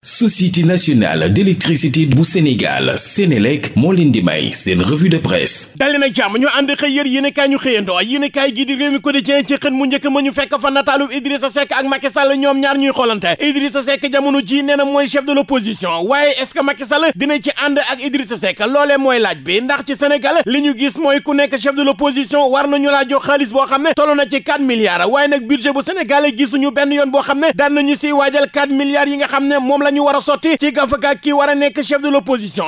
société nationale d'électricité bu Sénégal Sénélec moo leen di may seen revue de presse dali nag jàmm ñu ànd xëy yër yéen ñu xëyandoo yéen kaay gi di réew mi quotidien ci xën mu njëkk ma ñu fekk fa nataalub Idrissa Seck ak Macky ñoom ñaar ñuy xoolante Idrissa Seck jamono ji nee mooy chef de l'opposition waaye est-ce dina ci ànd ak Idrissa Seck loolee mooy laaj bi ndax ci Sénégal li ñu gis mooy ku nekk chef de l'opposition war la ñu war sotti ci gafaka ki war a nekk chef de l' opposition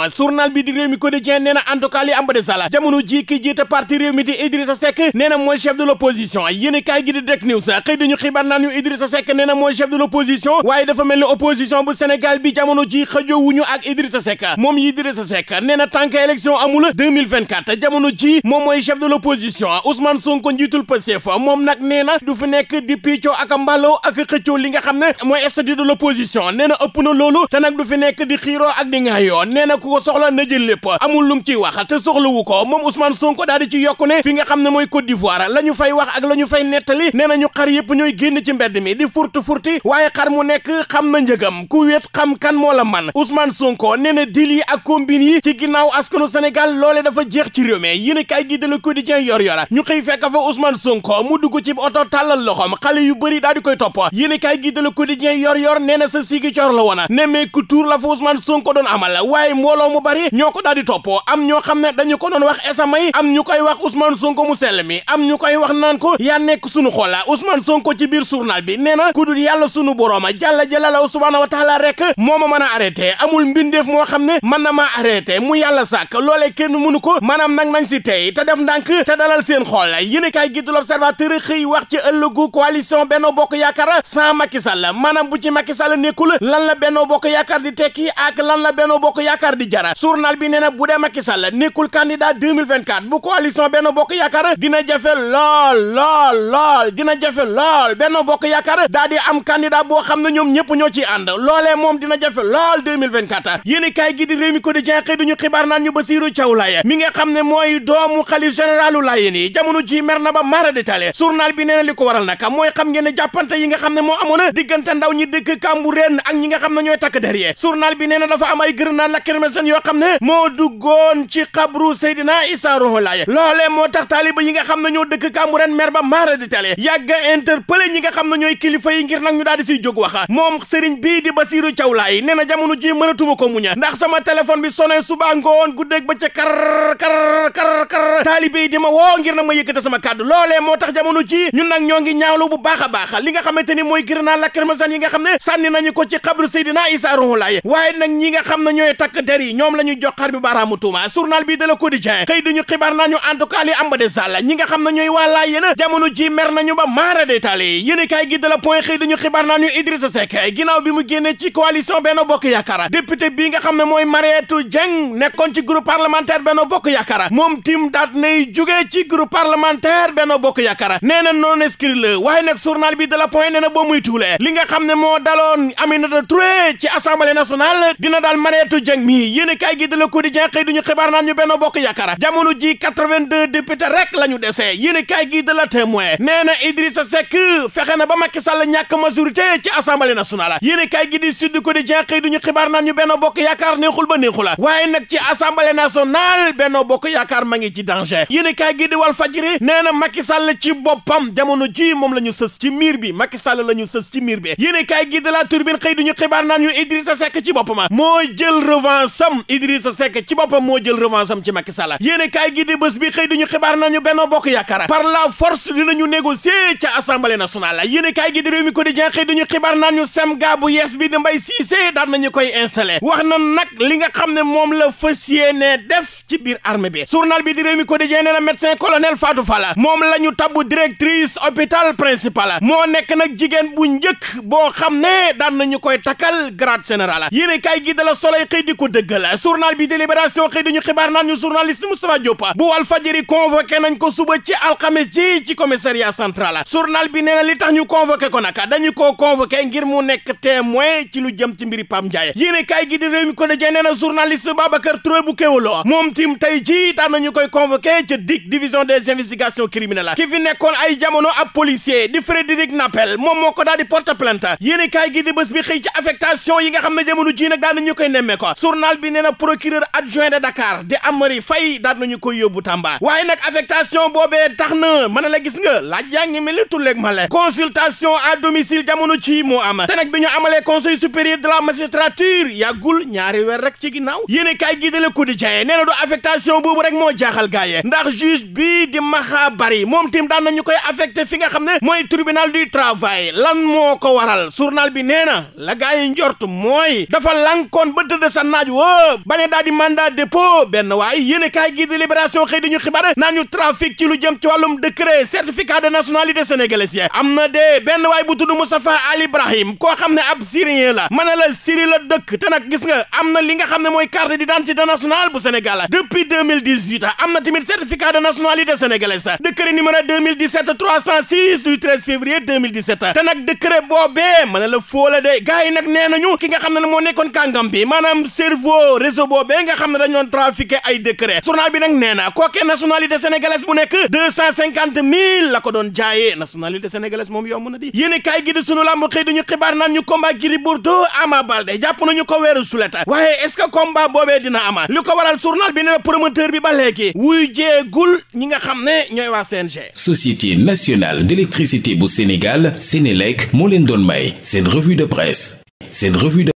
bi di réew mi quotidien nee na en tout cas sala jamono ji ki jiite parti réew mi di Idrissa Seck nee na mooy chef de l' opposition yéen kaay gi di Direct News xëy dañu xibaar naan ñu Idrissa Seck nee na mooy chef de l' waaye dafa mel ni opposition bu Sénégal bi jamono ji xëjoowuñu ak Idrissa Seck moom Idrissa Seck moom mooy chef de l' opposition Ousmane Sonko njiitul Pastef moom di piccoo ak na loolu te nag du fi nekk di xiiroo ak di ŋaayoo nee na ku ko soxla na jël lépp amul lum ciy wax te soxlawu ko moom Ousmane Sonko daal di ci yokk ne fi nga xam ne mooy Côte d'Ivoire la ñu fay wax ak lañu ñu fay nettali nee na ñu xar yëpp ñooy génn ci mbedd mi di furti furti waaye xar mu nekk xam na njëgam ku wéet xam kan moo la man Ousmane Sonko nee na dil yi ak combine yi ci ginnaaw askanu Sénégal loole dafa jeex ci réew mi yéen kaay gi de Le Quotidien yor yora ñu xëy fekk fa Sonko mu dugg ci oto tàllal loxoom xale yu bëri daal di koy topp yéen kaay gi de Le Quotidien yor yor nee na sa sigi cor la woon maanaam nemmeeku tuur la fa Ousmane Sonko doon amal waaye mbooloo mu bari ñoo ko daal di topp am ñoo xam ne dañu ko doon wax esama yi am ñu koy wax Ousmane Sonko mu sell mi am ñu koy wax naan ko yaa nekk sunu xol la Ousmane Sonko ci biir journal bi nee na ku dul yàlla sunu borom jàlla jalalahu subhaanahu wa taala rek moo ma mën a arrêté amul mbindeef moo xam ne mën na maa arrêté mu yàlla sàkk loole kenn mënu ko maanaam nag nañ si tey te def ndànk te dalal seen xol yéen kaay gi du l'observateur xëy wax ci ëllëgu coalition Benno Bokk Yaakaar sans Macky Sall maanaam bu ci Macky Sall Benno Bokk Yaakaar di tekki ak lan la Benno Bokk Yaakaar di jara journal bi nee na bu dee Macky Sall nekkul candidat 2024 Bokk Yaakaar dina jafe lool lool lool dina jafe lool Benno Bokk Yaakaar daa am candidat boo xam ne ñoom ñëpp ñoo ciy ànd moom dina jafe lool 2024 yéen i kaay gi di Rewmi Quotidien xëy duñu xibaar naan ñu Bassirou Thiaw Laye mi nga xam ne mooy doomu xalif généralu Laye nii jamono ji mer na ba mara bi nee na li ko waral nag mooy xam ngeen yi nga xam ne moo amoon diggante ndaw ñi dëkk Cambérène ak ne ñooy takk der yi journal bi nee na dafa am ay grenade lacrymogène yoo xam ne moo duggoon ci xabru Seydina Issa Rouhou Laye loolee moo tax taaliba yi nga xam ne ñoo dëkk Cambérène mer ba maara di tale yàgga interpellé ñi nga xam ne ñooy kilifa yi ngir nag ñu daal di siy jóg waxa moom sëriñ bii di Basiru Thiaw Laye nee na jamono ji mënatuma ko ña ndax sama téléphone bi sonné suba ngoon guddeeg ba ca kar kar kar kar taalibe yi di ma woo ngir na ma yëkkate sama kàddu loolee moo tax jamono ji ñun nag ñoo ngi ñaawlu bu baax a baax li nga xamante ni mooy grenade lacrymogène yi nga xam ne sànni nañu ko ci xabru Seydina Issa Rouhou Laye waaye nag ñi xam ne ñooy takk der ñoom la ñu jox xar bi baaraamu tuuma journal bi de Le Quotidien xëy dañu xibaar naa ñu en tout cas li am ba de xam ne ñooy waa Laayeen jamono ji mer nañu ba maara détaali yéen kaay gi de la point xëy dañu xibaar ñu Idrissa Seck ginnaaw bi mu génnee ci coalition Benno Bokk Yaakaar député bii xam ne mooy Mariétou Dieng nekkoon ci groupe parlementaire Benno Bokk Yaakaar Bokk Yaakaar nee na non inscrit ci assemblée nationale dina daal mareetu jëng mi yéen kaay gi de Le Quotidien xëy duñu xibaar naan ñu benn bokk yaakaar jamono ji 82 député rek la ñu desee yéen kaay gi de La Témoin nee na Idrissa Seck fexe na ba Macky Sall ñàkk majorité ci assemblée nationale yéen kaay gi di Sud Quotidien xëy duñu xibaar naan ñu benn bokk yaakaar neexul ba neexul waaye nag ci assemblée nationale benn bokk yaakaar ma ngi ci danger yéen kaay gi di Walf Fadjri nee na Macky ci boppam jamono ji moom la ñu ci miir bi Macky Sall la ñu sës ci miir bi yéen yaakaar naan ñu Idrissa Seck ci boppam ah, moo jël revanche sam Idrissa Seck ci boppam moo jël revanche sam ci Macky Sall yéen gi di bés bi xëy dañu xibaar naan ñu Benno Bokk Yaakaar par la force dinañu négocier ca assemblée nationale yéen kaay gi di Rewmi Quotidien xëy xibaar naan ñu semga bu yees bi di Mbaye Cissé daan nañu koy installé wax na nag li nga xam ne moom la fas yéene def ci biir arme bi journal bi di Rewmi Quotidien nee na médecin colonel Fatou Falla moom la ñu tabbu directrice hôpital principal moo nekk nag jigéen bu njëkk boo xam ne daan nañu koy takkal dal grade général yéen kaay gi da la Soleil xëy di ko dëggal bi délibération xëy di ñu xibaar naan ñu journaliste Moustapha Diop bu Walfadjri convoqué nañ ko suba ci alxames ji ci commissariat central journal bi nee na li tax ñu convoqué ko nag dañu ko convoqué ngir mu nekk témoin ci lu jëm ci mbiri Pam Ndiaye yéen kaay gi di réew mi ko dajee nee na journaliste Babacar Touré bu moom tim tey ji daan nañu koy convoqué ca DIC division des investigations criminelles affectation yi nga xam ne jamono jii nag daan nañu koy nemmee ko journal bi nee na procureur adjoint de Dakar di Amary Faye daan nañu koy yóbbu Tamba waaye nag affectation boobee tax na mën a la gis nga laaj yaa ngi mel ni tulleeg male consultation à domicile jamono ci moo am te nag bi ñu amalee conseil supérieur de la magistrature yàggul ñaari weer rek ci ginnaaw yéen kaay gi de la Quotidien nee na du affectation boobu rek moo jaaxal gaaye ndax juge bii di Maxa Bari moom tim daan nañu koy affecté fi nga xam ne mooy tribunal du travail lan moo ko waral journal bi nee na njort mooy dafa lànkoon ba tëdd sa naaj woo bañ a daal di benn waaye yéen a kaay gi di libération ñu xibaar naan ñu ci lu jëm ci wàllum décret certificat de nationalité sénégalaise yi am na de benn waay bu tudd Moustapha Ali Ibrahim koo xam ne ab syrien la mën la Syrie la dëkk te gis nga am na li nga xam ne mooy carte d'identité nationale bu Sénégal depuis 2018 am na tamit certificat de nationalité sénégalaise décret du 13 février 2017 te nag décret boobee neena nañu ki nga xam ne moo nekkoon kàngam bi maanaam cerveau réseau boobee nga xam ne dañu doon trafiqué ay décret journal bi nag nee na kooke nationalité sénégalaise bu nekk deux cent cinquante mille la ko doon jaayee nationalité sénégalaise moom yomb na di yéen i kaay gi di sunu làmb xëy duñu xibaar naan ñu combat Gris Bordeaux Ama Baldé jàpp nañu ko weeru suleta waaye est-ce que combat boobee dina ama li ko waral journal bi nee na promoteur bi ba léegi wuy jeegul ñi nga xam ne ñooy waa CNG société nationale d'électricité bu Sénégal Sénélec moo leen doon may seen revue de presse seen revue de